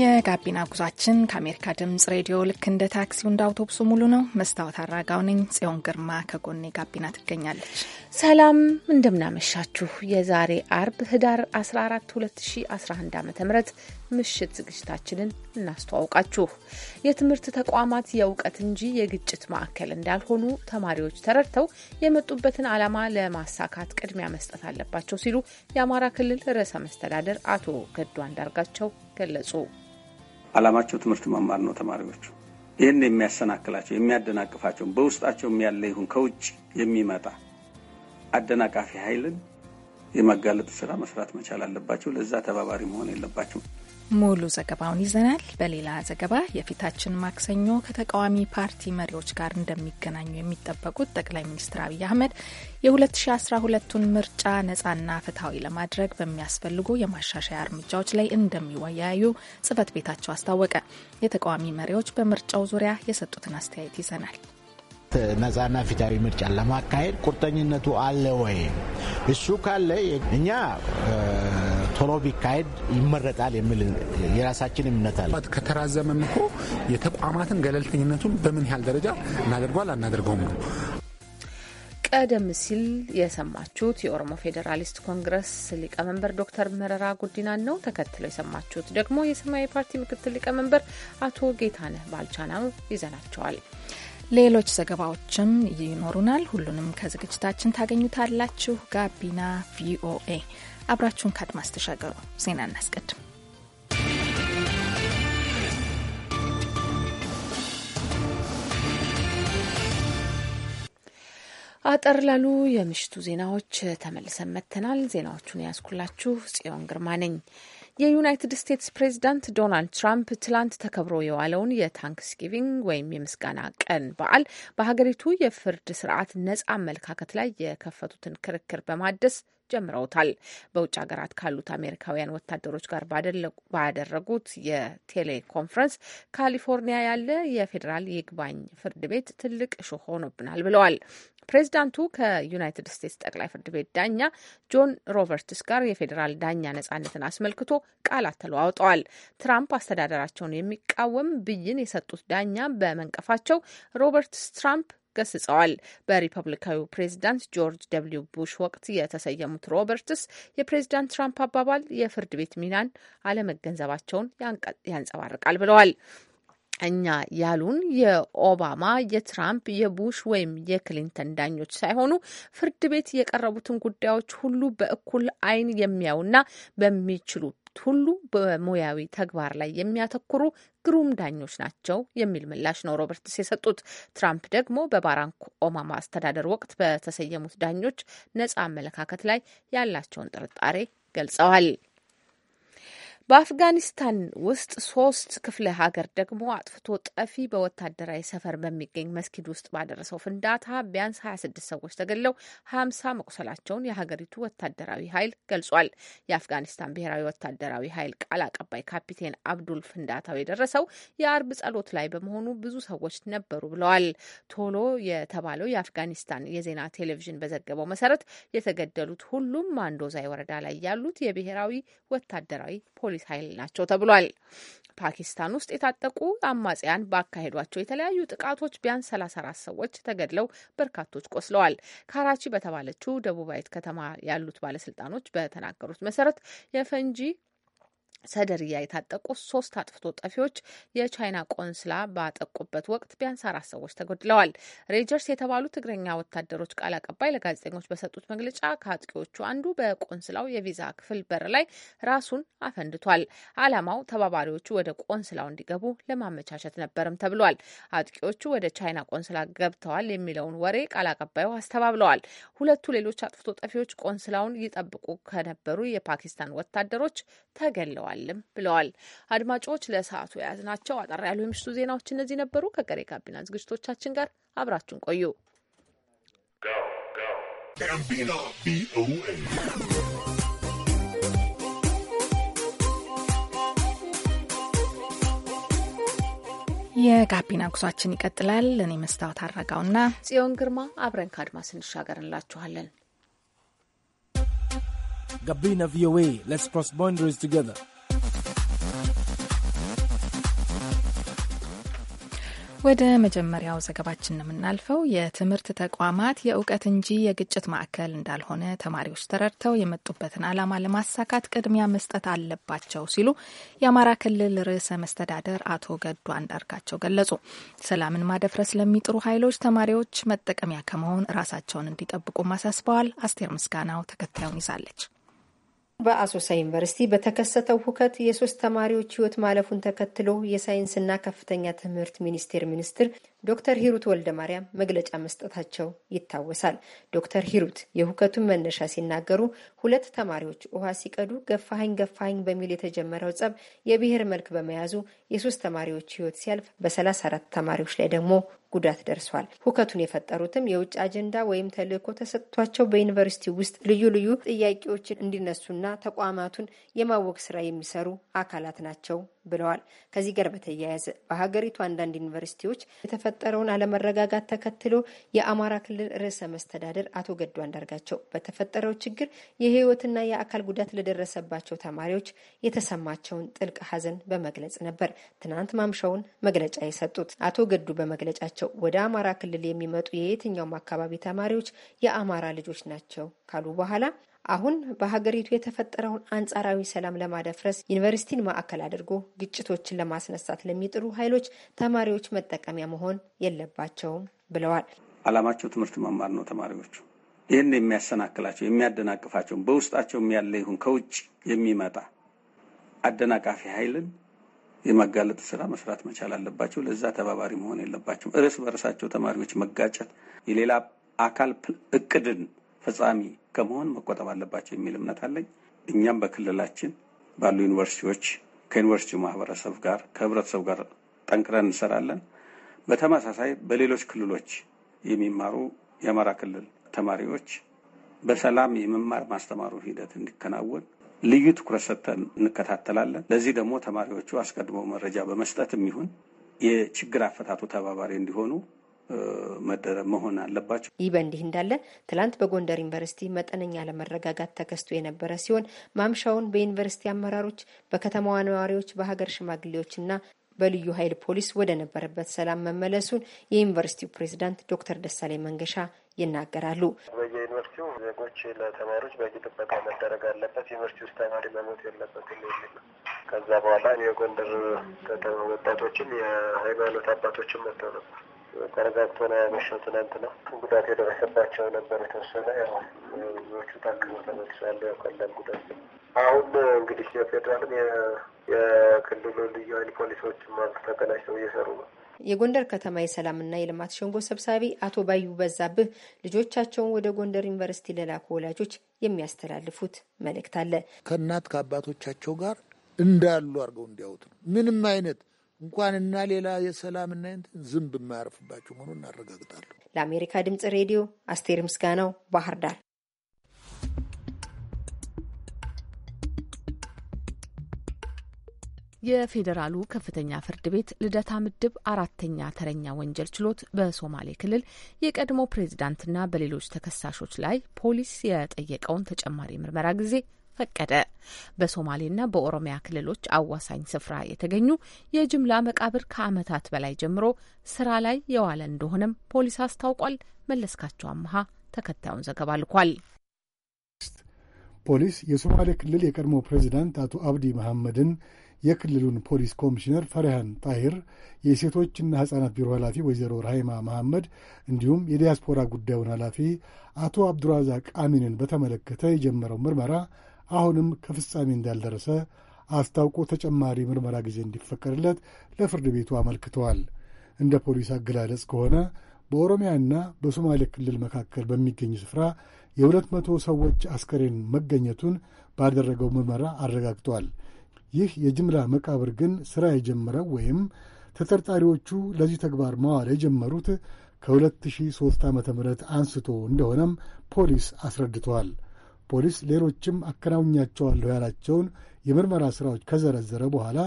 የጋቢና ጉዟችን ከአሜሪካ ድምጽ ሬዲዮ ልክ እንደ ታክሲው እንደ አውቶቡሱ ሙሉ ነው። መስታወት አራጋው ነኝ። ጽዮን ግርማ ከጎኔ ጋቢና ትገኛለች። ሰላም እንደምናመሻችሁ። የዛሬ አርብ ህዳር 14 2011 ዓ ም ምሽት ዝግጅታችንን እናስተዋውቃችሁ። የትምህርት ተቋማት የእውቀት እንጂ የግጭት ማዕከል እንዳልሆኑ ተማሪዎች ተረድተው የመጡበትን ዓላማ ለማሳካት ቅድሚያ መስጠት አለባቸው ሲሉ የአማራ ክልል ርዕሰ መስተዳደር አቶ ገዱ አንዳርጋቸው ገለጹ። ዓላማቸው ትምህርት መማር ነው። ተማሪዎቹ ይህን የሚያሰናክላቸው የሚያደናቅፋቸውን በውስጣቸውም ያለ ይሁን ከውጭ የሚመጣ አደናቃፊ ኃይልን የመጋለጥ ስራ መስራት መቻል አለባቸው። ለዛ ተባባሪ መሆን የለባቸው። ሙሉ ዘገባውን ይዘናል። በሌላ ዘገባ የፊታችን ማክሰኞ ከተቃዋሚ ፓርቲ መሪዎች ጋር እንደሚገናኙ የሚጠበቁት ጠቅላይ ሚኒስትር አብይ አህመድ የ2012ቱን ምርጫ ነጻና ፍትሐዊ ለማድረግ በሚያስፈልጉ የማሻሻያ እርምጃዎች ላይ እንደሚወያዩ ጽህፈት ቤታቸው አስታወቀ። የተቃዋሚ መሪዎች በምርጫው ዙሪያ የሰጡትን አስተያየት ይዘናል። ነጻና ፊታዊ ምርጫ ለማካሄድ ቁርጠኝነቱ አለ ወይም? እሱ ካለ እኛ ቶሎ ቢካሄድ ይመረጣል የሚል የራሳችን እምነት አለ። ከተራዘመም እኮ የተቋማትን ገለልተኝነቱን በምን ያህል ደረጃ እናደርጓል አናደርገውም ነው። ቀደም ሲል የሰማችሁት የኦሮሞ ፌዴራሊስት ኮንግረስ ሊቀመንበር ዶክተር መረራ ጉዲናን ነው። ተከትለው የሰማችሁት ደግሞ የሰማያዊ ፓርቲ ምክትል ሊቀመንበር አቶ ጌታነህ ባልቻ ነው። ይዘናቸዋል። ሌሎች ዘገባዎችም ይኖሩናል። ሁሉንም ከዝግጅታችን ታገኙታላችሁ። ጋቢና ቪኦኤ አብራችሁን ከአድማስ ተሻገሩ። ዜና እናስቀድም። አጠር ላሉ የምሽቱ ዜናዎች ተመልሰን መጥተናል። ዜናዎቹን ያስኩላችሁ ጽዮን ግርማ ነኝ። የዩናይትድ ስቴትስ ፕሬዚዳንት ዶናልድ ትራምፕ ትላንት ተከብሮ የዋለውን የታንክስጊቪንግ ወይም የምስጋና ቀን በዓል በሀገሪቱ የፍርድ ስርዓት ነጻ አመለካከት ላይ የከፈቱትን ክርክር በማደስ ጀምረውታል። በውጭ ሀገራት ካሉት አሜሪካውያን ወታደሮች ጋር ባደረጉት የቴሌኮንፈረንስ ካሊፎርኒያ ያለ የፌዴራል ይግባኝ ፍርድ ቤት ትልቅ ሹ ሆኖብናል ብለዋል። ፕሬዚዳንቱ ከዩናይትድ ስቴትስ ጠቅላይ ፍርድ ቤት ዳኛ ጆን ሮበርትስ ጋር የፌዴራል ዳኛ ነጻነትን አስመልክቶ ቃላት ተለዋውጠዋል። ትራምፕ አስተዳደራቸውን የሚቃወም ብይን የሰጡት ዳኛ በመንቀፋቸው ሮበርትስ ትራምፕ ገስጸዋል። በሪፐብሊካዊ ፕሬዚዳንት ጆርጅ ደብልዩ ቡሽ ወቅት የተሰየሙት ሮበርትስ የፕሬዚዳንት ትራምፕ አባባል የፍርድ ቤት ሚናን አለመገንዘባቸውን ያንጸባርቃል ብለዋል። እኛ ያሉን የኦባማ፣ የትራምፕ፣ የቡሽ ወይም የክሊንተን ዳኞች ሳይሆኑ ፍርድ ቤት የቀረቡትን ጉዳዮች ሁሉ በእኩል ዓይን የሚያዩና በሚችሉ ሁሉ በሙያዊ ተግባር ላይ የሚያተኩሩ ግሩም ዳኞች ናቸው የሚል ምላሽ ነው ሮበርትስ የሰጡት። ትራምፕ ደግሞ በባራክ ኦባማ አስተዳደር ወቅት በተሰየሙት ዳኞች ነጻ አመለካከት ላይ ያላቸውን ጥርጣሬ ገልጸዋል። በአፍጋኒስታን ውስጥ ሶስት ክፍለ ሀገር ደግሞ አጥፍቶ ጠፊ በወታደራዊ ሰፈር በሚገኝ መስጊድ ውስጥ ባደረሰው ፍንዳታ ቢያንስ 26 ሰዎች ተገድለው 50 መቁሰላቸውን የሀገሪቱ ወታደራዊ ኃይል ገልጿል። የአፍጋኒስታን ብሔራዊ ወታደራዊ ኃይል ቃል አቀባይ ካፒቴን አብዱል ፍንዳታው የደረሰው የአርብ ጸሎት ላይ በመሆኑ ብዙ ሰዎች ነበሩ ብለዋል። ቶሎ የተባለው የአፍጋኒስታን የዜና ቴሌቪዥን በዘገበው መሰረት የተገደሉት ሁሉም ማንዶዛይ ወረዳ ላይ ያሉት የብሔራዊ ወታደራዊ ፖሊስ የመሬት ኃይል ናቸው ተብሏል። ፓኪስታን ውስጥ የታጠቁ አማጽያን ባካሄዷቸው የተለያዩ ጥቃቶች ቢያንስ 34 ሰዎች ተገድለው በርካቶች ቆስለዋል። ካራቺ በተባለችው ደቡባዊት ከተማ ያሉት ባለስልጣኖች በተናገሩት መሰረት የፈንጂ ሰደርያ የታጠቁ ሶስት አጥፍቶ ጠፊዎች የቻይና ቆንስላ ባጠቁበት ወቅት ቢያንስ አራት ሰዎች ተጎድለዋል። ሬጀርስ የተባሉ ትግረኛ ወታደሮች ቃል አቀባይ ለጋዜጠኞች በሰጡት መግለጫ ከአጥቂዎቹ አንዱ በቆንስላው የቪዛ ክፍል በር ላይ ራሱን አፈንድቷል። ዓላማው ተባባሪዎቹ ወደ ቆንስላው እንዲገቡ ለማመቻቸት ነበርም ተብሏል። አጥቂዎቹ ወደ ቻይና ቆንስላ ገብተዋል የሚለውን ወሬ ቃል አቀባዩ አስተባብለዋል። ሁለቱ ሌሎች አጥፍቶ ጠፊዎች ቆንስላውን ይጠብቁ ከነበሩ የፓኪስታን ወታደሮች ተገለዋል። ይገባልም ብለዋል። አድማጮች ለሰዓቱ የያዝናቸው አጠር ያሉ የምሽቱ ዜናዎች እነዚህ ነበሩ። ከቀሬ ጋቢና ዝግጅቶቻችን ጋር አብራችሁን ቆዩ። የጋቢና ጉዟችን ይቀጥላል። እኔ መስታወት አረጋውና ጽዮን ግርማ አብረን ከአድማስ እንሻገር እንላችኋለን። ጋቢና ቪኦኤ ሌትስ ክሮስ ቦንደሪስ ቱጌዘር ወደ መጀመሪያው ዘገባችን የምናልፈው የትምህርት ተቋማት የእውቀት እንጂ የግጭት ማዕከል እንዳልሆነ ተማሪዎች ተረድተው የመጡበትን ዓላማ ለማሳካት ቅድሚያ መስጠት አለባቸው ሲሉ የአማራ ክልል ርዕሰ መስተዳደር አቶ ገዱ አንዳርጋቸው ገለጹ። ሰላምን ማደፍረስ ለሚጥሩ ኃይሎች ተማሪዎች መጠቀሚያ ከመሆን ራሳቸውን እንዲጠብቁ አሳስበዋል። አስቴር ምስጋናው ተከታዩን ይዛለች። በአሶሳ ዩኒቨርሲቲ በተከሰተው ሁከት የሶስት ተማሪዎች ህይወት ማለፉን ተከትሎ የሳይንስና ከፍተኛ ትምህርት ሚኒስቴር ሚኒስትር ዶክተር ሂሩት ወልደ ማርያም መግለጫ መስጠታቸው ይታወሳል። ዶክተር ሂሩት የሁከቱን መነሻ ሲናገሩ ሁለት ተማሪዎች ውሃ ሲቀዱ ገፋሀኝ ገፋሀኝ በሚል የተጀመረው ጸብ የብሔር መልክ በመያዙ የሶስት ተማሪዎች ህይወት ሲያልፍ በሰላሳ አራት ተማሪዎች ላይ ደግሞ ጉዳት ደርሷል። ሁከቱን የፈጠሩትም የውጭ አጀንዳ ወይም ተልዕኮ ተሰጥቷቸው በዩኒቨርሲቲ ውስጥ ልዩ ልዩ ጥያቄዎችን እንዲነሱና ተቋማቱን የማወቅ ስራ የሚሰሩ አካላት ናቸው ብለዋል። ከዚህ ጋር በተያያዘ በሀገሪቱ አንዳንድ ዩኒቨርሲቲዎች የተፈ የተፈጠረውን አለመረጋጋት ተከትሎ የአማራ ክልል ርዕሰ መስተዳደር አቶ ገዱ አንዳርጋቸው በተፈጠረው ችግር የህይወትና የአካል ጉዳት ለደረሰባቸው ተማሪዎች የተሰማቸውን ጥልቅ ሐዘን በመግለጽ ነበር ትናንት ማምሻውን መግለጫ የሰጡት። አቶ ገዱ በመግለጫቸው ወደ አማራ ክልል የሚመጡ የየትኛውም አካባቢ ተማሪዎች የአማራ ልጆች ናቸው ካሉ በኋላ አሁን በሀገሪቱ የተፈጠረውን አንጻራዊ ሰላም ለማደፍረስ ዩኒቨርሲቲን ማዕከል አድርጎ ግጭቶችን ለማስነሳት ለሚጥሩ ኃይሎች ተማሪዎች መጠቀሚያ መሆን የለባቸውም ብለዋል። አላማቸው ትምህርት መማር ነው። ተማሪዎቹ ይህን የሚያሰናክላቸው የሚያደናቅፋቸው በውስጣቸውም ያለ ይሁን ከውጭ የሚመጣ አደናቃፊ ኃይልን የማጋለጥ ስራ መስራት መቻል አለባቸው። ለዛ ተባባሪ መሆን የለባቸው። እርስ በርሳቸው ተማሪዎች መጋጨት የሌላ አካል እቅድን ፈጻሚ ከመሆን መቆጠብ አለባቸው የሚል እምነት አለኝ። እኛም በክልላችን ባሉ ዩኒቨርሲቲዎች ከዩኒቨርሲቲ ማህበረሰብ ጋር ከህብረተሰቡ ጋር ጠንክረን እንሰራለን። በተመሳሳይ በሌሎች ክልሎች የሚማሩ የአማራ ክልል ተማሪዎች በሰላም የመማር ማስተማሩ ሂደት እንዲከናወን ልዩ ትኩረት ሰጥተን እንከታተላለን። ለዚህ ደግሞ ተማሪዎቹ አስቀድሞ መረጃ በመስጠት የሚሆን የችግር አፈታቱ ተባባሪ እንዲሆኑ መደረ መሆን አለባቸው። ይህ በእንዲህ እንዳለ ትላንት በጎንደር ዩኒቨርሲቲ መጠነኛ ለመረጋጋት ተከስቶ የነበረ ሲሆን ማምሻውን በዩኒቨርሲቲ አመራሮች፣ በከተማዋ ነዋሪዎች፣ በሀገር ሽማግሌዎችና በልዩ ኃይል ፖሊስ ወደ ነበረበት ሰላም መመለሱን የዩኒቨርሲቲው ፕሬዚዳንት ዶክተር ደሳሌ መንገሻ ይናገራሉ። በየዩኒቨርሲቲው ዜጎች ለተማሪዎች በቂ ጥበቃ መደረግ አለበት፣ ዩኒቨርሲቲ ውስጥ ተማሪ መሞት የለበትም የሚል ነው። ከዛ በኋላ የጎንደር ከተማ ወጣቶችም የሃይማኖት አባቶችም መጥተው ነበር። ተረጋግቶ ነው ያመሸው። ነው ጉዳት የደረሰባቸው ነበር የተወሰነ ያው ብዙዎቹ ታክሞ ተመልሷል። ቀላል ጉዳት አሁን እንግዲህ የፌዴራልም የክልሉ ልዩ ኃይል ፖሊሶችም አሉ ተቀናጅተው እየሰሩ ነው። የጎንደር ከተማ የሰላምና የልማት ሸንጎ ሰብሳቢ አቶ ባዩ በዛብህ ልጆቻቸውን ወደ ጎንደር ዩኒቨርሲቲ ለላኩ ወላጆች የሚያስተላልፉት መልእክት አለ። ከእናት ከአባቶቻቸው ጋር እንዳሉ አድርገው እንዲያውት ነው ምንም አይነት እንኳንና ሌላ የሰላምና እንትን ዝንብ የማያርፍባቸው መሆኑን እናረጋግጣለሁ። ለአሜሪካ ድምጽ ሬዲዮ አስቴር ምስጋናው ባህር ዳር። የፌዴራሉ ከፍተኛ ፍርድ ቤት ልደታ ምድብ አራተኛ ተረኛ ወንጀል ችሎት በሶማሌ ክልል የቀድሞ ፕሬዝዳንትና በሌሎች ተከሳሾች ላይ ፖሊስ የጠየቀውን ተጨማሪ ምርመራ ጊዜ ፈቀደ። በሶማሌና በኦሮሚያ ክልሎች አዋሳኝ ስፍራ የተገኙ የጅምላ መቃብር ከዓመታት በላይ ጀምሮ ስራ ላይ የዋለ እንደሆነም ፖሊስ አስታውቋል። መለስካቸው አመሃ ተከታዩን ዘገባ ልኳል። ፖሊስ የሶማሌ ክልል የቀድሞ ፕሬዚዳንት አቶ አብዲ መሐመድን የክልሉን ፖሊስ ኮሚሽነር ፈሪሃን ጣሂር፣ የሴቶችና ሕፃናት ቢሮ ኃላፊ ወይዘሮ ራሂማ መሐመድ እንዲሁም የዲያስፖራ ጉዳዩን ኃላፊ አቶ አብዱራዛቅ አሚንን በተመለከተ የጀመረው ምርመራ አሁንም ከፍጻሜ እንዳልደረሰ አስታውቆ ተጨማሪ ምርመራ ጊዜ እንዲፈቀድለት ለፍርድ ቤቱ አመልክተዋል። እንደ ፖሊስ አገላለጽ ከሆነ በኦሮሚያና በሶማሌ ክልል መካከል በሚገኝ ስፍራ የሁለት መቶ ሰዎች አስከሬን መገኘቱን ባደረገው ምርመራ አረጋግጧል። ይህ የጅምላ መቃብር ግን ሥራ የጀመረው ወይም ተጠርጣሪዎቹ ለዚህ ተግባር መዋል የጀመሩት ከ2003 ዓ ም አንስቶ እንደሆነም ፖሊስ አስረድተዋል። ፖሊስ ሌሎችም አከናውኛቸዋለሁ ያላቸውን የምርመራ ስራዎች ከዘረዘረ በኋላ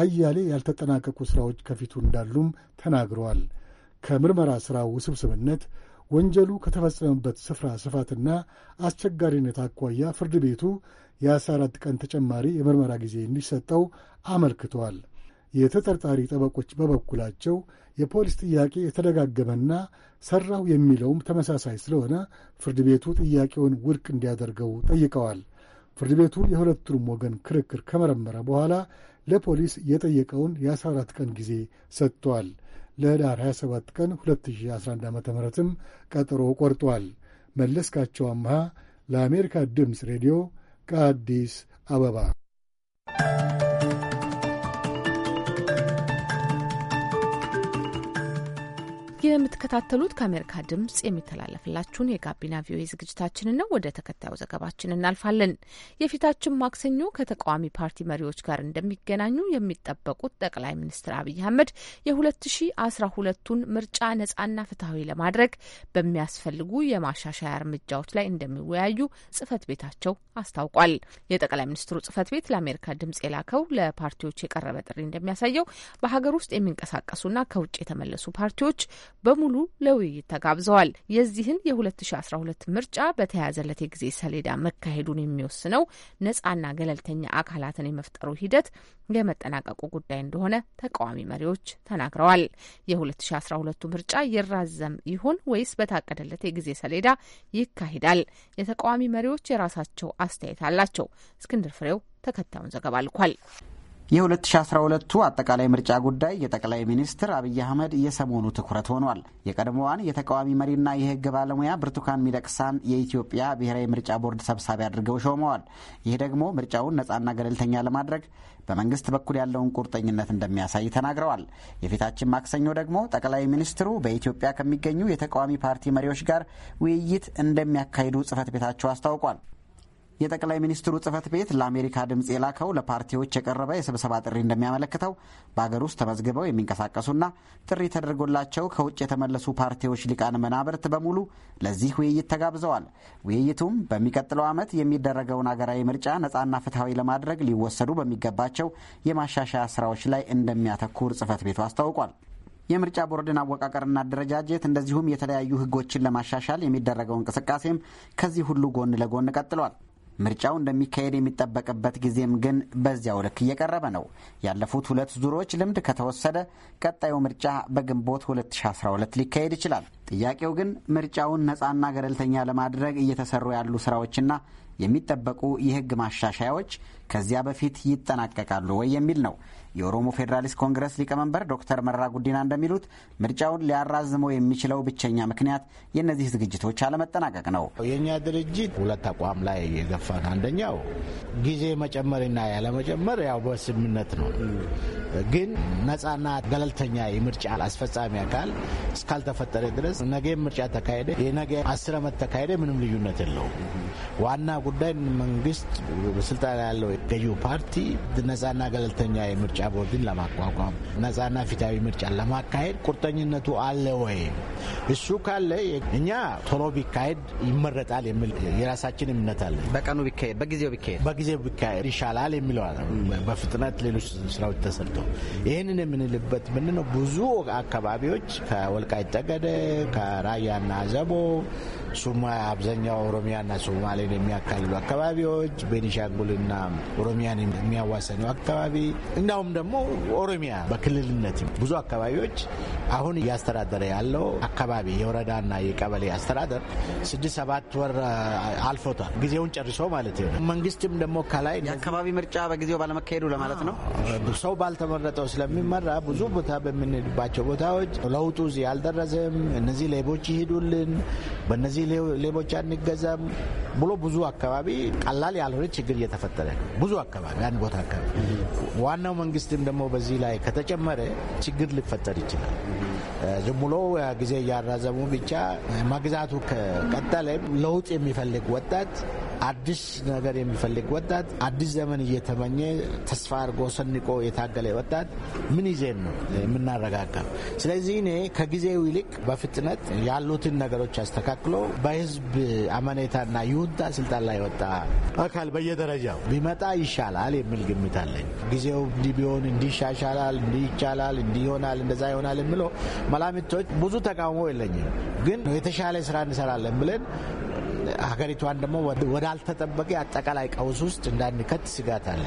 አያሌ ያልተጠናቀቁ ስራዎች ከፊቱ እንዳሉም ተናግረዋል። ከምርመራ ስራው ውስብስብነት፣ ወንጀሉ ከተፈጸመበት ስፍራ ስፋትና አስቸጋሪነት አኳያ ፍርድ ቤቱ የ14 ቀን ተጨማሪ የምርመራ ጊዜ እንዲሰጠው አመልክቷል። የተጠርጣሪ ጠበቆች በበኩላቸው የፖሊስ ጥያቄ የተደጋገመና ሰራሁ የሚለውም ተመሳሳይ ስለሆነ ፍርድ ቤቱ ጥያቄውን ውድቅ እንዲያደርገው ጠይቀዋል። ፍርድ ቤቱ የሁለቱንም ወገን ክርክር ከመረመረ በኋላ ለፖሊስ የጠየቀውን የ14 ቀን ጊዜ ሰጥቷል። ለኅዳር 27 ቀን 2011 ዓ ም ቀጠሮ ቆርጧል። መለስካቸው አምሃ ለአሜሪካ ድምፅ ሬዲዮ ከአዲስ አበባ የምትከታተሉት ከአሜሪካ ድምጽ የሚተላለፍላችሁን የጋቢና ቪኦኤ ዝግጅታችንን ነው። ወደ ተከታዩ ዘገባችን እናልፋለን። የፊታችን ማክሰኞ ከተቃዋሚ ፓርቲ መሪዎች ጋር እንደሚገናኙ የሚጠበቁት ጠቅላይ ሚኒስትር አብይ አህመድ የ2012ቱን ምርጫ ነጻና ፍትሐዊ ለማድረግ በሚያስፈልጉ የማሻሻያ እርምጃዎች ላይ እንደሚወያዩ ጽህፈት ቤታቸው አስታውቋል። የጠቅላይ ሚኒስትሩ ጽህፈት ቤት ለአሜሪካ ድምጽ የላከው ለፓርቲዎች የቀረበ ጥሪ እንደሚያሳየው በሀገር ውስጥ የሚንቀሳቀሱና ከውጭ የተመለሱ ፓርቲዎች በሙሉ ለውይይት ተጋብዘዋል። የዚህን የ2012 ምርጫ በተያያዘለት የጊዜ ሰሌዳ መካሄዱን የሚወስነው ነጻና ገለልተኛ አካላትን የመፍጠሩ ሂደት የመጠናቀቁ ጉዳይ እንደሆነ ተቃዋሚ መሪዎች ተናግረዋል። የ2012ቱ ምርጫ ይራዘም ይሆን ወይስ በታቀደለት የጊዜ ሰሌዳ ይካሄዳል? የተቃዋሚ መሪዎች የራሳቸው አስተያየት አላቸው። እስክንድር ፍሬው ተከታዩን ዘገባ ልኳል። የ2012ቱ አጠቃላይ ምርጫ ጉዳይ የጠቅላይ ሚኒስትር አብይ አህመድ የሰሞኑ ትኩረት ሆኗል። የቀድሞዋን የተቃዋሚ መሪና የህግ ባለሙያ ብርቱካን ሚደቅሳን የኢትዮጵያ ብሔራዊ ምርጫ ቦርድ ሰብሳቢ አድርገው ሾመዋል። ይህ ደግሞ ምርጫውን ነፃና ገለልተኛ ለማድረግ በመንግስት በኩል ያለውን ቁርጠኝነት እንደሚያሳይ ተናግረዋል። የፊታችን ማክሰኞ ደግሞ ጠቅላይ ሚኒስትሩ በኢትዮጵያ ከሚገኙ የተቃዋሚ ፓርቲ መሪዎች ጋር ውይይት እንደሚያካሂዱ ጽህፈት ቤታቸው አስታውቋል። የጠቅላይ ሚኒስትሩ ጽህፈት ቤት ለአሜሪካ ድምፅ የላከው ለፓርቲዎች የቀረበ የስብሰባ ጥሪ እንደሚያመለክተው በአገር ውስጥ ተመዝግበው የሚንቀሳቀሱና ጥሪ ተደርጎላቸው ከውጭ የተመለሱ ፓርቲዎች ሊቃነ መናብርት በሙሉ ለዚህ ውይይት ተጋብዘዋል። ውይይቱም በሚቀጥለው ዓመት የሚደረገውን አገራዊ ምርጫ ነፃና ፍትሐዊ ለማድረግ ሊወሰዱ በሚገባቸው የማሻሻያ ስራዎች ላይ እንደሚያተኩር ጽህፈት ቤቱ አስታውቋል። የምርጫ ቦርድን አወቃቀርና አደረጃጀት እንደዚሁም የተለያዩ ህጎችን ለማሻሻል የሚደረገው እንቅስቃሴም ከዚህ ሁሉ ጎን ለጎን ቀጥሏል። ምርጫው እንደሚካሄድ የሚጠበቅበት ጊዜም ግን በዚያው ልክ እየቀረበ ነው። ያለፉት ሁለት ዙሮች ልምድ ከተወሰደ ቀጣዩ ምርጫ በግንቦት 2012 ሊካሄድ ይችላል። ጥያቄው ግን ምርጫውን ነፃና ገለልተኛ ለማድረግ እየተሰሩ ያሉ ስራዎችና የሚጠበቁ የህግ ማሻሻያዎች ከዚያ በፊት ይጠናቀቃሉ ወይ የሚል ነው። የኦሮሞ ፌዴራሊስት ኮንግረስ ሊቀመንበር ዶክተር መራ ጉዲና እንደሚሉት ምርጫውን ሊያራዝመው የሚችለው ብቸኛ ምክንያት የእነዚህ ዝግጅቶች አለመጠናቀቅ ነው። የእኛ ድርጅት ሁለት አቋም ላይ የገፋን፣ አንደኛው ጊዜ መጨመርና ያለመጨመር ያው በስምምነት ነው። ግን ነጻና ገለልተኛ የምርጫ አስፈጻሚ አካል እስካልተፈጠረ ድረስ ነገ ምርጫ ተካሄደ የነገ አስር ዓመት ተካሄደ ምንም ልዩነት የለውም። ዋና ጉዳይ መንግስት ስልጣን ያለው ገዢው ፓርቲ ነጻና ገለልተኛ የምርጫ ቦርድን ለማቋቋም ነጻና ፊታዊ ምርጫ ለማካሄድ ቁርጠኝነቱ አለ ወይ? እሱ ካለ እኛ ቶሎ ቢካሄድ ይመረጣል የሚል የራሳችን እምነት አለ። በቀኑ ቢካሄድ፣ በጊዜው ቢካሄድ፣ በጊዜው ቢካሄድ ይሻላል የሚለው በፍጥነት ሌሎች ስራዎች ተሰርቶ ይህንን የምንልበት ምንድን ነው? ብዙ አካባቢዎች ከወልቃይት ጠገደ ከራያና ዘቦ ሱማ አብዛኛው ኦሮሚያና ሶማሌን የሚያካልሉ አካባቢዎች፣ ቤኒሻንጉልና ኦሮሚያን የሚያዋሰነው አካባቢ እንዳውም ደግሞ ኦሮሚያ በክልልነት ብዙ አካባቢዎች አሁን እያስተዳደረ ያለው አካባቢ የወረዳና የቀበሌ አስተዳደር ስድስት ሰባት ወር አልፎታል፣ ጊዜውን ጨርሶ ማለት ነው። መንግስትም ደግሞ ከላይ የአካባቢ ምርጫ በጊዜው ባለመካሄዱ ለማለት ነው። ሰው ባልተመረጠው ስለሚመራ ብዙ ቦታ በምንሄድባቸው ቦታዎች ለውጡ እዚህ አልደረሰም፣ እነዚህ ሌቦች ይሄዱልን በነዚህ ለእነዚህ ሌቦች አንገዛም ብሎ ብዙ አካባቢ ቀላል ያልሆነ ችግር እየተፈጠረ ነው። ብዙ አካባቢ አንድ ቦታ አካባቢ ዋናው መንግስትም ደግሞ በዚህ ላይ ከተጨመረ ችግር ሊፈጠር ይችላል። ዝም ብሎ ጊዜ እያራዘሙ ብቻ መግዛቱ ከቀጠለ ለውጥ የሚፈልግ ወጣት አዲስ ነገር የሚፈልግ ወጣት፣ አዲስ ዘመን እየተመኘ ተስፋ አድርጎ ሰንቆ የታገለ ወጣት ምን ይዜን ነው የምናረጋጋው? ስለዚህ እኔ ከጊዜው ይልቅ በፍጥነት ያሉትን ነገሮች አስተካክሎ በህዝብ አመኔታና ይሁንታ ስልጣን ላይ ወጣ አካል በየደረጃው ቢመጣ ይሻላል የሚል ግምት አለኝ። ጊዜው እንዲህ ቢሆን እንዲህ ይሻሻላል፣ እንዲህ ይቻላል፣ እንዲህ ይሆናል፣ እንደዛ ይሆናል የምለው መላምቶች ብዙ ተቃውሞ የለኝም። ግን የተሻለ ስራ እንሰራለን ብለን ሀገሪቷን ደግሞ ወዳልተጠበቀ አጠቃላይ ቀውስ ውስጥ እንዳንከት ስጋት አለ።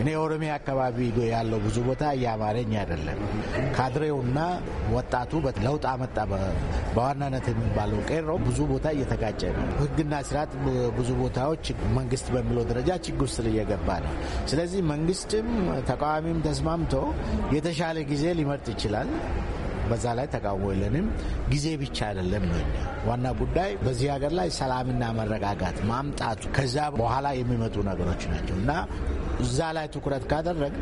እኔ ኦሮሚያ አካባቢ ያለው ብዙ ቦታ እያማረኝ አይደለም። ካድሬውና ወጣቱ ለውጥ አመጣ በዋናነት የሚባለው ቄሮ ብዙ ቦታ እየተጋጨ ነው። ህግና ስርዓት ብዙ ቦታዎች መንግስት በሚለው ደረጃ ችግር ስር እየገባ ነው። ስለዚህ መንግስትም ተቃዋሚም ተስማምቶ የተሻለ ጊዜ ሊመርጥ ይችላል። በዛ ላይ ተቃውሞ የለንም። ጊዜ ብቻ አይደለም ነው ዋና ጉዳይ በዚህ ሀገር ላይ ሰላምና መረጋጋት ማምጣቱ ከዛ በኋላ የሚመጡ ነገሮች ናቸው እና እዛ ላይ ትኩረት ካደረግ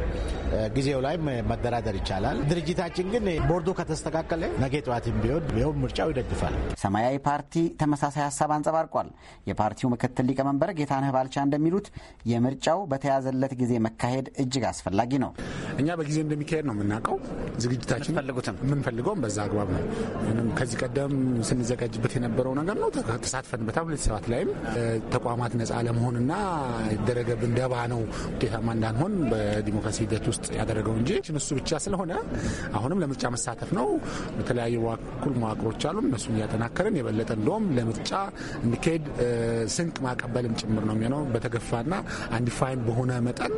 ጊዜው ላይ መደራደር ይቻላል። ድርጅታችን ግን ቦርዱ ከተስተካከለ ነገ ጠዋትም ቢሆን ቢሆን ምርጫው ይደግፋል። ሰማያዊ ፓርቲ ተመሳሳይ ሀሳብ አንጸባርቋል። የፓርቲው ምክትል ሊቀመንበር ጌታነህ ባልቻ እንደሚሉት የምርጫው በተያዘለት ጊዜ መካሄድ እጅግ አስፈላጊ ነው። እኛ በጊዜ እንደሚካሄድ ነው የምናውቀው። ዝግጅታችን የምንፈልገውም በዛ አግባብ ነው። ከዚህ ቀደም ስንዘጋጅበት የነበረው ነገር ነው። ተሳትፈንበታል። ሁለት ሰባት ላይም ተቋማት ነጻ ለመሆንና ደረገብን ደባ ነው ውጤታማ እንዳንሆን በዲሞክራሲ ሂደት ውስጥ ያደረገው እንጂ እሱ ብቻ ስለሆነ አሁንም ለምርጫ መሳተፍ ነው። በተለያዩ በኩል መዋቅሮች አሉ። እነሱን እያጠናከርን የበለጠ እንደውም ለምርጫ እንዲካሄድ ስንቅ ማቀበልም ጭምር ነው የሚሆነው። በተገፋና አንዲፋይን በሆነ መጠን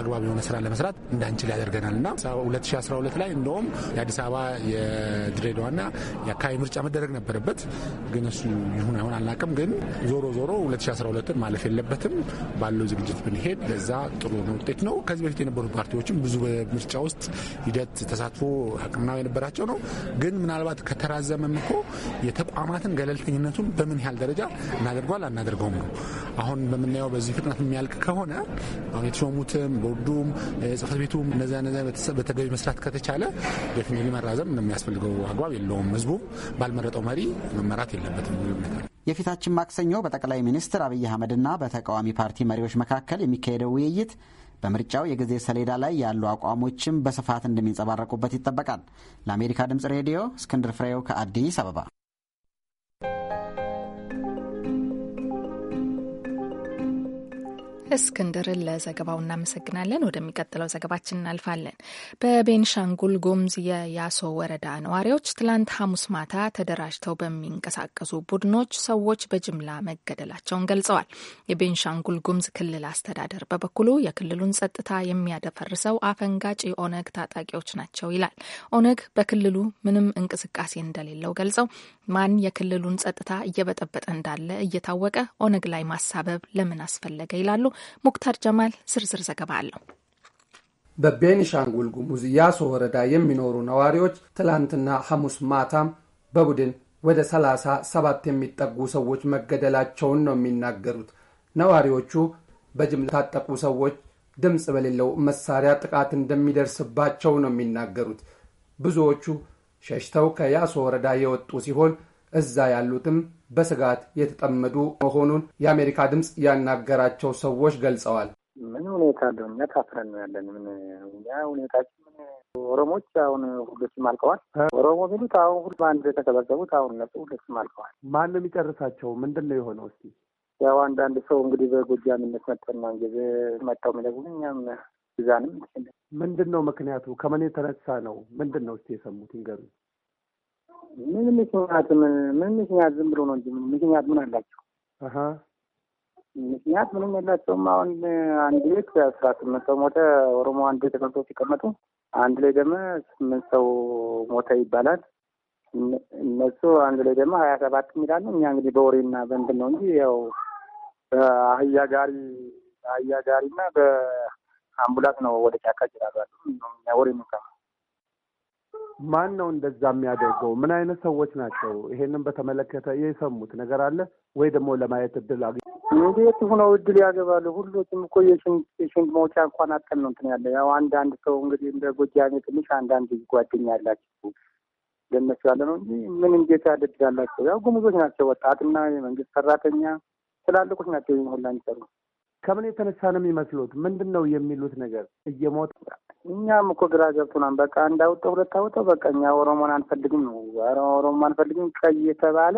አግባብ የሆነ ስራ ለመስራት እንዳንችል ያደርገናል እና 2012 ላይ እንደውም የአዲስ አበባ የድሬዳዋና የአካባቢ ምርጫ መደረግ ነበረበት። ግን እሱ ይሁን አይሆን አልናቅም። ግን ዞሮ ዞሮ 2012ን ማለፍ የለበትም ባለው ዝግጅት ብንሄድ ለዛ ጥሩ ውጤት ነው። ከዚህ በፊት የነበሩ ፓርቲዎችም ብዙ በምርጫ ውስጥ ሂደት ተሳትፎ ሕክምና የነበራቸው ነው። ግን ምናልባት ከተራዘመም እኮ የተቋማትን ገለልተኝነቱን በምን ያህል ደረጃ እናደርጓል አናደርገውም ነው። አሁን በምናየው በዚህ ፍጥነት የሚያልቅ ከሆነ አሁን የተሾሙትም ቦርዱም ጽሕፈት ቤቱም እነዚያ እነዚያ በተገቢ መስራት ከተቻለ ደፊኒትሊ መራዘም የሚያስፈልገው አግባብ የለውም። ህዝቡም ባልመረጠው መሪ መመራት የለበትም። የፊታችን ማክሰኞ በጠቅላይ ሚኒስትር አብይ አህመድና በተቃዋሚ ፓርቲ መሪዎች መካከል የሚካሄደው ውይይት በምርጫው የጊዜ ሰሌዳ ላይ ያሉ አቋሞችም በስፋት እንደሚንጸባረቁበት ይጠበቃል። ለአሜሪካ ድምጽ ሬዲዮ እስክንድር ፍሬው ከአዲስ አበባ እስክንድርን ለዘገባው እናመሰግናለን። ወደሚቀጥለው ዘገባችን እናልፋለን። በቤንሻንጉል ጉሙዝ የያሶ ወረዳ ነዋሪዎች ትላንት ሐሙስ ማታ ተደራጅተው በሚንቀሳቀሱ ቡድኖች ሰዎች በጅምላ መገደላቸውን ገልጸዋል። የቤንሻንጉል ጉሙዝ ክልል አስተዳደር በበኩሉ የክልሉን ጸጥታ የሚያደፈርሰው አፈንጋጭ የኦነግ ታጣቂዎች ናቸው ይላል። ኦነግ በክልሉ ምንም እንቅስቃሴ እንደሌለው ገልጸው ማን የክልሉን ጸጥታ እየበጠበጠ እንዳለ እየታወቀ ኦነግ ላይ ማሳበብ ለምን አስፈለገ ይላሉ። ሙክታር ጀማል ዝርዝር ዘገባ አለው። በቤኒሻንጉል ጉሙዝ ያሶ ወረዳ የሚኖሩ ነዋሪዎች ትላንትና ሐሙስ ማታም በቡድን ወደ ሰላሳ ሰባት የሚጠጉ ሰዎች መገደላቸውን ነው የሚናገሩት። ነዋሪዎቹ በጅምላ ታጠቁ ሰዎች ድምፅ በሌለው መሳሪያ ጥቃት እንደሚደርስባቸው ነው የሚናገሩት። ብዙዎቹ ሸሽተው ከያሶ ወረዳ የወጡ ሲሆን እዛ ያሉትም በስጋት የተጠመዱ መሆኑን የአሜሪካ ድምፅ ያናገራቸው ሰዎች ገልጸዋል። ምን ሁኔታ አለው? እኛ ታፍረን ነው ያለን። ምን እኛ ሁኔታችን ኦሮሞች አሁን ሁሎችም አልቀዋል። ኦሮሞ ሚሉት አሁን ሁሉ በአንድ የተሰበሰቡት አሁን እነሱ ሁሎችም አልቀዋል። ማን ነው የሚጨርሳቸው? ምንድን ነው የሆነው? እስቲ ያው አንዳንድ ሰው እንግዲህ በጎጃምነት መጥተና እንጊዜ መጣው የሚለጉ እኛም እዛንም ምንድን ነው ምክንያቱ? ከምን የተነሳ ነው? ምንድን ነው እስቲ የሰሙት ይንገሩ። ምን ምክንያት ምን ምን ምክንያት ዝም ብሎ ነው እንጂ ምክንያት ምን አላቸው? ምክንያት ምንም የላቸውም። አሁን አንድ ቤት አስራ ስምንት ሰው ሞተ፣ ኦሮሞ አንድ ቤት ተቀምጦ ሲቀመጡ አንድ ላይ ደግሞ ስምንት ሰው ሞተ ይባላል። እነሱ አንድ ላይ ደግሞ ሀያ ሰባት የሚላሉ እኛ እንግዲህ በወሬና በእንትን ነው እንጂ ያው በአህያ ጋሪ አህያ ጋሪና በ አምቡላንስ ነው ወደ ጫካ ይችላሉ። ማን ነው እንደዛ የሚያደርገው? ምን አይነት ሰዎች ናቸው? ይሄንን በተመለከተ የሰሙት ነገር አለ ወይ? ደግሞ ለማየት እድል አግ እንዴት ሁነው እድል ያገባሉ? ሁሉም እኮ የሽንት መውጫ እንኳን አጠን ነው እንትን ያለ ያው አንዳንድ ሰው እንግዲህ እንደ ጎጃሜ ትንሽ አንዳንድ ጓደኛ ያላቸው ለነሱ ያለ ነው እንጂ ምን እንዴት ያደድጋላቸው? ያው ጉምዞች ናቸው፣ ወጣትና የመንግስት ሰራተኛ ትላልቆች ናቸው። ይህን ሁላ የሚሰሩ ከምን የተነሳ ነው የሚመስሉት? ምንድን ነው የሚሉት ነገር እየሞት እኛም እኮ ግራ ገብቶናል። በቃ እንዳውጠ ሁለት አውጠው በቃ እኛ ኦሮሞን አንፈልግም ነው ኦሮሞ አንፈልግም ቀይ የተባለ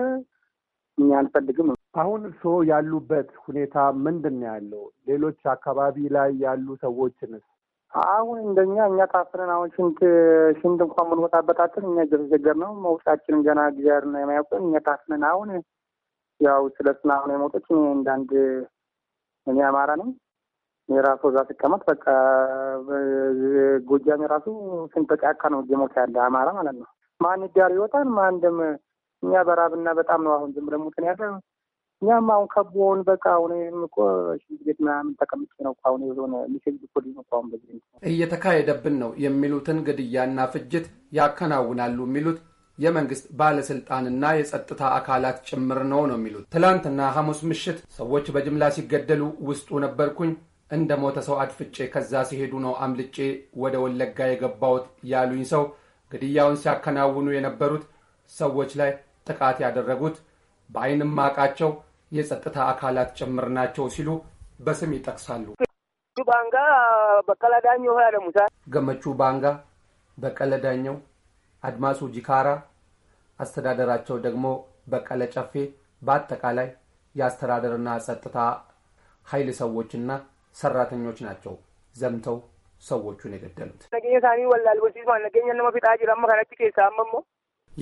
እኛ አንፈልግም ነው። አሁን እርስዎ ያሉበት ሁኔታ ምንድን ነው ያለው? ሌሎች አካባቢ ላይ ያሉ ሰዎችንስ? አሁን እንደኛ እኛ ታፍነን አሁን ሽንት ሽንት እንኳን ምንወጣበታችን እኛ የተቸገር ነው መውጣችንን ገና ጊዜር ነው የማያውቀን እኛ ታፍነን አሁን ያው ስለ ስናሁን የመውጦች እንዳንድ እኔ አማራ ነኝ። የራሱ እዛ ሲቀመጥ በቃ ጎጃም የራሱ ስንት ተጫካ ነው እየሞተ ያለ አማራ ማለት ነው። ማን ዳር ይወጣል? ማን ደም እኛ በራብና በጣም ነው አሁን ዝም ብለን ሙትን ያለ እኛም አሁን ከቦን በቃ አሁን እኮ ሽንት ቤት ምናምን ተቀምጬ ነው አሁን የሆነ ሊሸግ ፖሊ ነው አሁን በዚህ እየተካሄደብን ነው የሚሉትን ግድያና ፍጅት ያከናውናሉ የሚሉት የመንግስት ባለስልጣንና የጸጥታ አካላት ጭምር ነው ነው የሚሉት። ትላንትና ሐሙስ ምሽት ሰዎች በጅምላ ሲገደሉ ውስጡ ነበርኩኝ። እንደ ሞተ ሰው አድፍጬ ከዛ ሲሄዱ ነው አምልጬ ወደ ወለጋ የገባሁት ያሉኝ ሰው ግድያውን ሲያከናውኑ የነበሩት ሰዎች ላይ ጥቃት ያደረጉት በአይንም አቃቸው የጸጥታ አካላት ጭምር ናቸው ሲሉ በስም ይጠቅሳሉ። ባንጋ በቀለዳኛው ገመቹ ባንጋ በቀለዳኛው አድማሱ ጂካራ፣ አስተዳደራቸው ደግሞ በቀለ ጨፌ በአጠቃላይ የአስተዳደርና ጸጥታ ኃይል ሰዎችና ሰራተኞች ናቸው ዘምተው ሰዎቹን የገደሉት።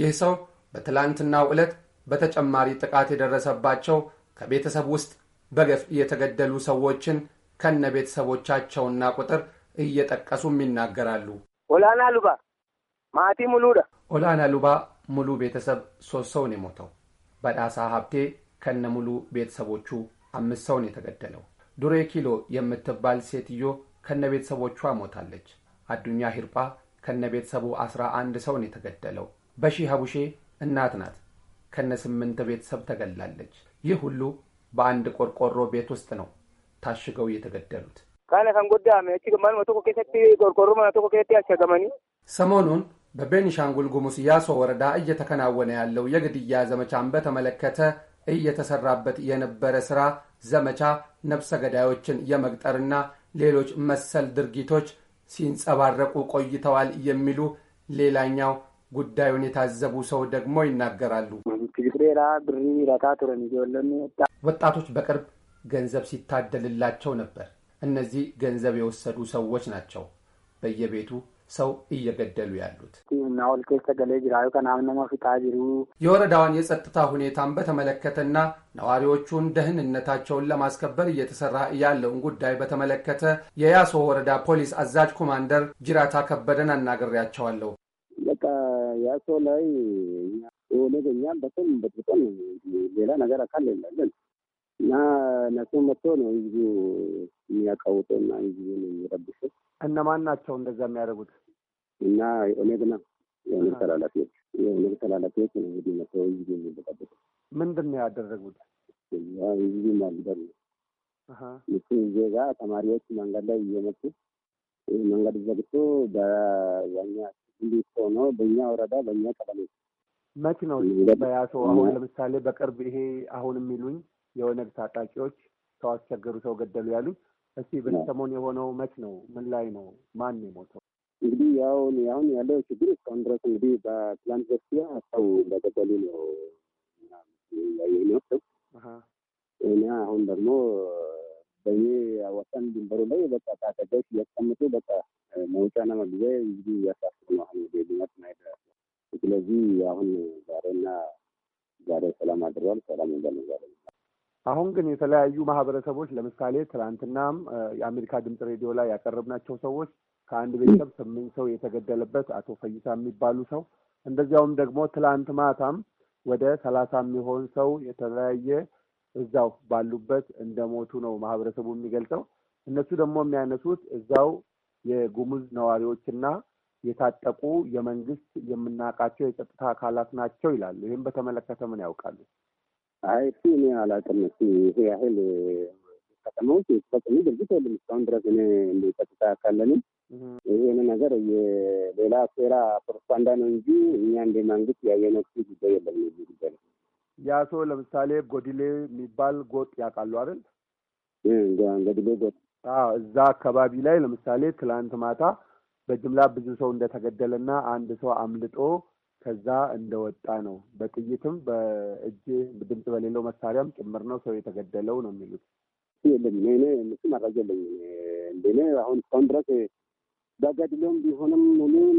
ይህ ሰው በትላንትናው ዕለት በተጨማሪ ጥቃት የደረሰባቸው ከቤተሰብ ውስጥ በገፍ የተገደሉ ሰዎችን ከነ ቤተሰቦቻቸውና ቁጥር እየጠቀሱም ይናገራሉ። ወላና ሉባ ማቲ ሙሉ ደ ኦላና ሉባ ሙሉ ቤተሰብ ሶስት ሰውን የሞተው። በዳሳ ሀብቴ ከነ ሙሉ ቤተሰቦቹ አምስት ሰውን የተገደለው። ዱሬ ኪሎ የምትባል ሴትዮ ከነ ቤተሰቦቿ ሞታለች። አዱኛ ሂርጳ ከነ ቤተሰቡ አስራ አንድ ሰው ነው የተገደለው። በሺ ሀቡሼ እናት ናት ከነ ስምንት ቤተሰብ ተገላለች። ይህ ሁሉ በአንድ ቆርቆሮ ቤት ውስጥ ነው ታሽገው የተገደሉት። ሰሞኑን በቤኒሻንጉል ጉሙስ ያሶ ወረዳ እየተከናወነ ያለው የግድያ ዘመቻን በተመለከተ እየተሰራበት የነበረ ሥራ ዘመቻ ነፍሰ ገዳዮችን የመቅጠርና ሌሎች መሰል ድርጊቶች ሲንጸባረቁ ቆይተዋል የሚሉ ሌላኛው ጉዳዩን የታዘቡ ሰው ደግሞ ይናገራሉ። ወጣቶች በቅርብ ገንዘብ ሲታደልላቸው ነበር። እነዚህ ገንዘብ የወሰዱ ሰዎች ናቸው። በየቤቱ ሰው እየገደሉ ያሉት። የወረዳዋን የጸጥታ ሁኔታን በተመለከተና ነዋሪዎቹን ደህንነታቸውን ለማስከበር እየተሰራ ያለውን ጉዳይ በተመለከተ የያሶ ወረዳ ፖሊስ አዛዥ ኮማንደር ጅራታ ከበደን አናግሬያቸዋለሁ። ያሶ ላይ ሆነ ገኛም በጣም በጥብቀን ሌላ ነገር አካል የለም እና እነሱ መጥቶ ነው ህዝቡ የሚያቃውጠው እና ህዝቡን የሚረብሸው። እነማን ናቸው እንደዛ የሚያደርጉት? እና ኦነግ ነው የኦነግ ተላላፊዎች የኦነግ ተላላፊዎች ነው እንግዲህ መጥቶ ህዝቡ የሚበጣበጡ። ምንድን ነው ያደረጉት? ህዝቡ ማግደል ነው። ንጹህ ዜጋ ተማሪዎች መንገድ ላይ እየመጡ መንገድ ዘግቶ በኛ እንዴት ሆኖ በእኛ ወረዳ በእኛ ቀበሌ መች ነው በያቶ አሁን ለምሳሌ በቅርብ ይሄ አሁን የሚሉኝ የኦነግ ታጣቂዎች ሰው አስቸገሩ፣ ሰው ገደሉ ያሉት እስቲ በዚህ የሆነው መች ነው? ምን ላይ ነው? ማን የሞተው? እንግዲህ ያው አሁን ያለው ችግር እስካሁን ድረስ እንግዲህ በትላንት በስቲያ ሰው እንደገደሉ ነው ያየነው። እና አሁን ደግሞ በእኔ ወሰን ድንበሩ ላይ በቃ ታጠቀች እያስቀምጡ በቃ መውጫና መግቢያ እንግዲህ እያሳስሩ ነው አሁን ቤድነት ማይደ ስለዚህ አሁን ዛሬና ዛሬ ሰላም አድሯል። ሰላም እንደነዛለ አሁን ግን የተለያዩ ማህበረሰቦች ለምሳሌ ትናንትናም የአሜሪካ ድምፅ ሬዲዮ ላይ ያቀረብናቸው ሰዎች ከአንድ ቤተሰብ ስምንት ሰው የተገደለበት አቶ ፈይሳ የሚባሉ ሰው እንደዚያውም ደግሞ ትላንት ማታም ወደ ሰላሳ የሚሆን ሰው የተለያየ እዛው ባሉበት እንደሞቱ ነው ማህበረሰቡ የሚገልጸው። እነሱ ደግሞ የሚያነሱት እዛው የጉሙዝ ነዋሪዎችና የታጠቁ የመንግስት የምናውቃቸው የጸጥታ አካላት ናቸው ይላሉ። ይህም በተመለከተ ምን ያውቃሉ? አይ እሱ እኔ አላውቅም። እሱ ይሄ ያህል ከተማዎች የተፈጸሙ ድርጊት የለም እስካሁን ድረስ እኔ እንደጸጥታ ያካለንም ይህን ነገር የሌላ ሴራ ፕሮፓጋንዳ ነው እንጂ እኛ እንደ መንግስት ያየነው ጉዳይ የለም። እዚህ ጉዳይ ያ ሰው ለምሳሌ ጎድሌ የሚባል ጎጥ ያውቃሉ አይደል? ጎድሌ ጎጥ እዛ አካባቢ ላይ ለምሳሌ ትላንት ማታ በጅምላ ብዙ ሰው እንደተገደለና አንድ ሰው አምልጦ ከዛ እንደወጣ ነው። በጥይትም በእጅ ድምፅ በሌለው መሳሪያም ጭምር ነው ሰው የተገደለው ነው የሚሉት። የለም እኔ መረጃ የለኝም። እንደኔ አሁን እስካሁን ድረስ በገድሎም ቢሆንም ምንም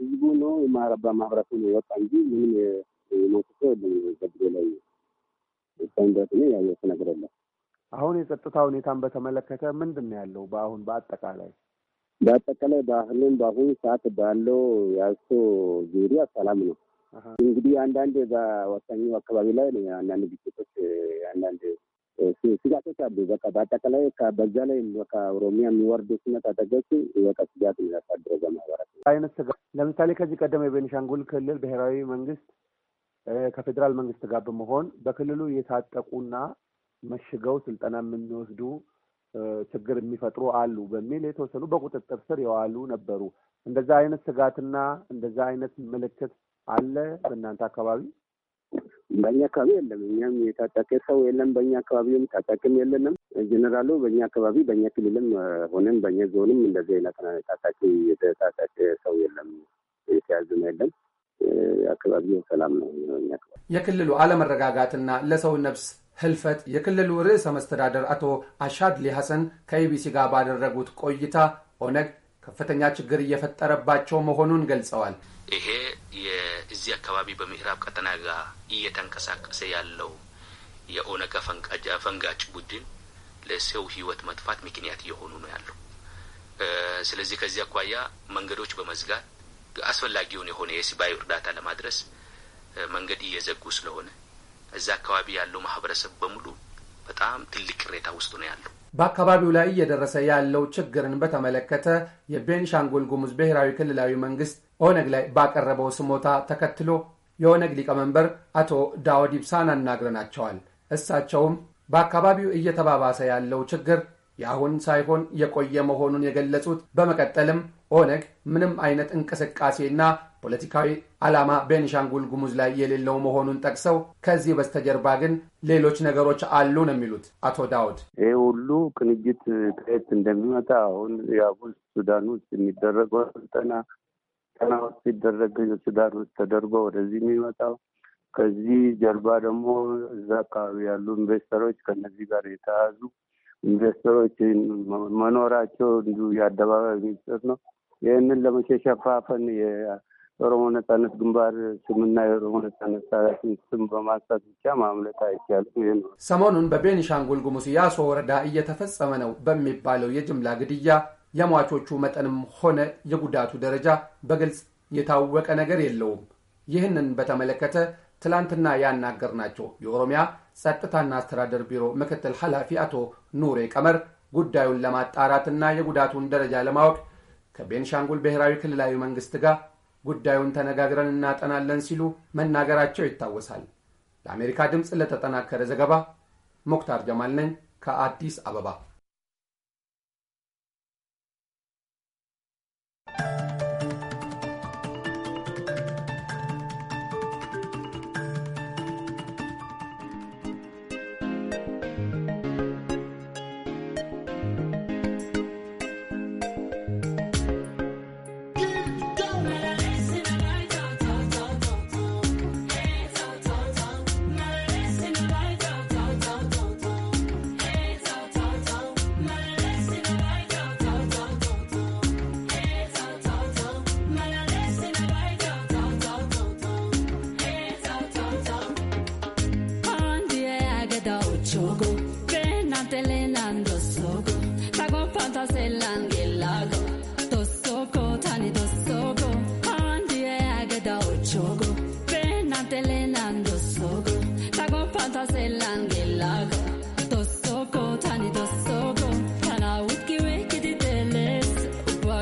ህዝቡ ነው በማህበረሰቡ ነው የወጣ እንጂ ምንም የሞት ሰው የለም። ገድሎ ላይ እስካሁን ድረስ እኔ ያየሁት ነገር የለም። አሁን የጸጥታ ሁኔታን በተመለከተ ምንድን ነው ያለው? በአሁን በአጠቃላይ በአጠቃላይ ባህሉም በአሁኑ ሰዓት ባለው ያሶ ዙሪያ ሰላም ነው። እንግዲህ አንዳንድ በወሳኙ አካባቢ ላይ አንዳንድ ግጭቶች፣ አንዳንድ ስጋቶች አሉ። በቃ በአጠቃላይ በዛ ላይ ከኦሮሚያ የሚወርዱ ስነት አደገች በቃ ስጋት የሚያሳድረው በማህበራት አይነት ስጋት ለምሳሌ ከዚህ ቀደም የቤኒሻንጉል ክልል ብሔራዊ መንግስት ከፌዴራል መንግስት ጋር በመሆን በክልሉ የታጠቁና መሽገው ስልጠና የምንወስዱ ችግር የሚፈጥሩ አሉ በሚል የተወሰኑ በቁጥጥር ስር የዋሉ ነበሩ። እንደዛ አይነት ስጋትና እንደዛ አይነት ምልክት አለ በእናንተ አካባቢ? በእኛ አካባቢ የለም። እኛም የታጠቀ ሰው የለም። በእኛ አካባቢም ታጣቂም የለንም። ጀኔራሉ በእኛ አካባቢ በእኛ ክልልም ሆነም በእኛ ዞንም እንደዚህ አይነት ታጣቂ የታጠቀ ሰው የለም፣ የተያዝም የለም። አካባቢው ሰላም ነው። የክልሉ አለመረጋጋትና ለሰው ነፍስ ህልፈት የክልሉ ርዕሰ መስተዳደር አቶ አሻድሊ ሐሰን ከኢቢሲ ጋር ባደረጉት ቆይታ ኦነግ ከፍተኛ ችግር እየፈጠረባቸው መሆኑን ገልጸዋል። ይሄ የእዚህ አካባቢ በምዕራብ ቀጠና ጋር እየተንቀሳቀሰ ያለው የኦነግ ፈንጋጭ ቡድን ለሰው ህይወት መጥፋት ምክንያት እየሆኑ ነው ያለው። ስለዚህ ከዚህ አኳያ መንገዶች በመዝጋት አስፈላጊውን የሆነ የሰብአዊ እርዳታ ለማድረስ መንገድ እየዘጉ ስለሆነ እዛ አካባቢ ያለው ማህበረሰብ በሙሉ በጣም ትልቅ ቅሬታ ውስጥ ነው ያለው። በአካባቢው ላይ እየደረሰ ያለው ችግርን በተመለከተ የቤንሻንጉል ጉሙዝ ብሔራዊ ክልላዊ መንግስት ኦነግ ላይ ባቀረበው ስሞታ ተከትሎ የኦነግ ሊቀመንበር አቶ ዳውድ ኢብሳን አናግረናቸዋል። እሳቸውም በአካባቢው እየተባባሰ ያለው ችግር የአሁን ሳይሆን የቆየ መሆኑን የገለጹት በመቀጠልም ኦነግ ምንም አይነት እንቅስቃሴና ፖለቲካዊ ዓላማ ቤንሻንጉል ጉሙዝ ላይ የሌለው መሆኑን ጠቅሰው ከዚህ በስተጀርባ ግን ሌሎች ነገሮች አሉ ነው የሚሉት አቶ ዳውድ። ይህ ሁሉ ቅንጅት ከየት እንደሚመጣ አሁን የአቡል ሱዳን ውስጥ የሚደረገው ስልጠና ጠና ውስጥ ሲደረግ ሱዳን ውስጥ ተደርጎ ወደዚህ የሚመጣው ከዚህ ጀርባ ደግሞ እዛ አካባቢ ያሉ ኢንቨስተሮች ከነዚህ ጋር የተያዙ ኢንቨስተሮች መኖራቸው እንዲሁ የአደባባይ ሚኒስትር ነው። ይህንን ለመሸሸፋፈን የኦሮሞ ነጻነት ግንባር ስምና የኦሮሞ ነጻነት ሰራዊትን ስም በማንሳት ብቻ ማምለጥ አይቻልም። ይህ ነው። ሰሞኑን በቤኒሻንጉል ጉሙዝ ያሶ ወረዳ እየተፈጸመ ነው በሚባለው የጅምላ ግድያ የሟቾቹ መጠንም ሆነ የጉዳቱ ደረጃ በግልጽ የታወቀ ነገር የለውም። ይህንን በተመለከተ ትላንትና ያናገርናቸው የኦሮሚያ ጸጥታና አስተዳደር ቢሮ ምክትል ኃላፊ አቶ ኑሬ ቀመር ጉዳዩን ለማጣራትና የጉዳቱን ደረጃ ለማወቅ ከቤንሻንጉል ብሔራዊ ክልላዊ መንግሥት ጋር ጉዳዩን ተነጋግረን እናጠናለን ሲሉ መናገራቸው ይታወሳል። ለአሜሪካ ድምፅ ለተጠናከረ ዘገባ ሙክታር ጀማል ነኝ ከአዲስ አበባ።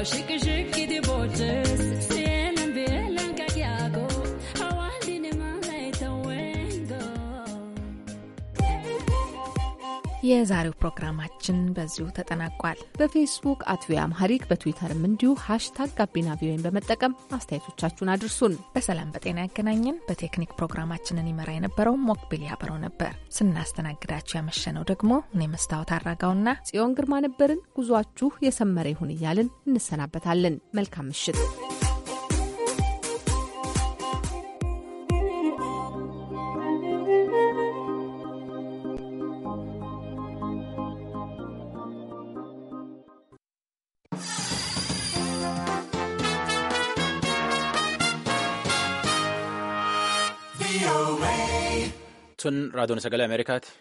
She can የዛሬው ፕሮግራማችን በዚሁ ተጠናቋል። በፌስቡክ አት ቪኦኤ አምሃሪክ በትዊተርም እንዲሁ ሃሽታግ ጋቢና ቪኦኤን በመጠቀም አስተያየቶቻችሁን አድርሱን። በሰላም በጤና ያገናኘን። በቴክኒክ ፕሮግራማችንን ይመራ የነበረው ሞክቢል ያበረው ነበር። ስናስተናግዳችሁ ያመሸነው ደግሞ እኔ መስታወት አራጋውና ጽዮን ግርማ ነበርን። ጉዟችሁ የሰመረ ይሁን እያልን እንሰናበታለን። መልካም ምሽት። sun raadiyoon sagalee Ameerikaati.